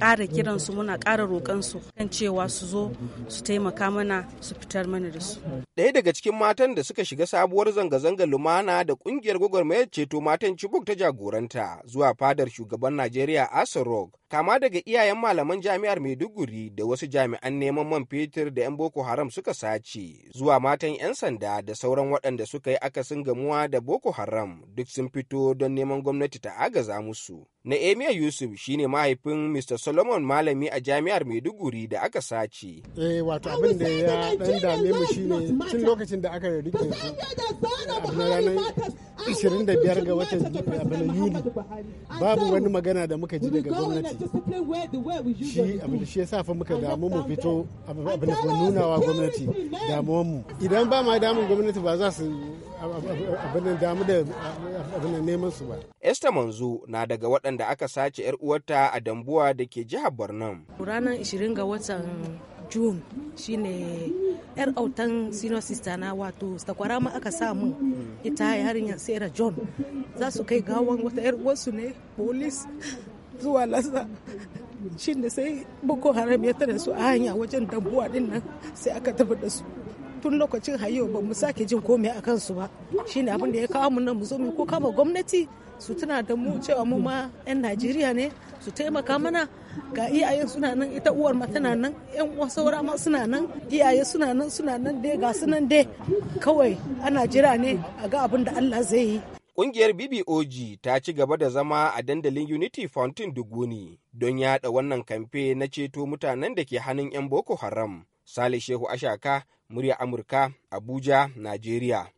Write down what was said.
ƙara kiransu muna ƙara su kan cewa su zo su taimaka mana su fitar mana da su. Ɗaya daga cikin matan da suka shiga sabuwar zanga zanga lumana da ƙungiyar gwagwarmayar ceto matan Chibok ta jagoranta zuwa fadar shugaban Najeriya Aso kama daga iyayen malaman jami'ar Maiduguri da wasu jami'an neman man fetur da 'yan Boko Haram suka sace zuwa matan 'yan sanda da sauran waɗanda suka yi akasin gamuwa da Boko Haram duk sun fito don neman gwamnati ta agaza musu. Na'emiya Yusuf shine mahaifin Mr. Solomon malami a jami'ar Maiduguri da aka sace. Eh wato abin da ya dan dame mu shine tun lokacin da aka rike 25 ga watan yuli babu wani magana da muka ji daga gwamnati shi abin shi ya safa muka damu mu fito abin da nuna wa gwamnati damuwan mu idan ba ma damun gwamnati ba za su abin da damu da abin neman su ba Esther Manzo na daga waɗanda aka sace yar uwarta a Dambuwa da ke jihar Borno ranar 20 ga watan June shine yar autan senior sister na wato takwara ma aka sa mun ita yarinyar sera john za su kai gawan wata yar uwarsu ne police zuwa lasa shi da sai boko haram ya tare su a hanya wajen dambuwa din nan sai aka tafi da su tun lokacin hayo ba mu sake jin komai a kansu ba shine abin da ya kawo mun nan mu zo mu ko kama gwamnati su tuna da mu cewa mu ma 'yan najeriya ne su taimaka mana ga iyaye suna nan ita uwar ma tana nan yan saura suna nan iyaye suna nan suna nan dai ga su nan dai kawai ana jira ne a ga abin da Allah zai yi Ƙungiyar BBOG ta ci gaba da zama a dandalin Unity Fountain Duguni don yada wannan kamfe na ceto mutanen da ke hannun 'yan Boko Haram. Sale Shehu Ashaka, murya Amurka, Abuja, Najeriya.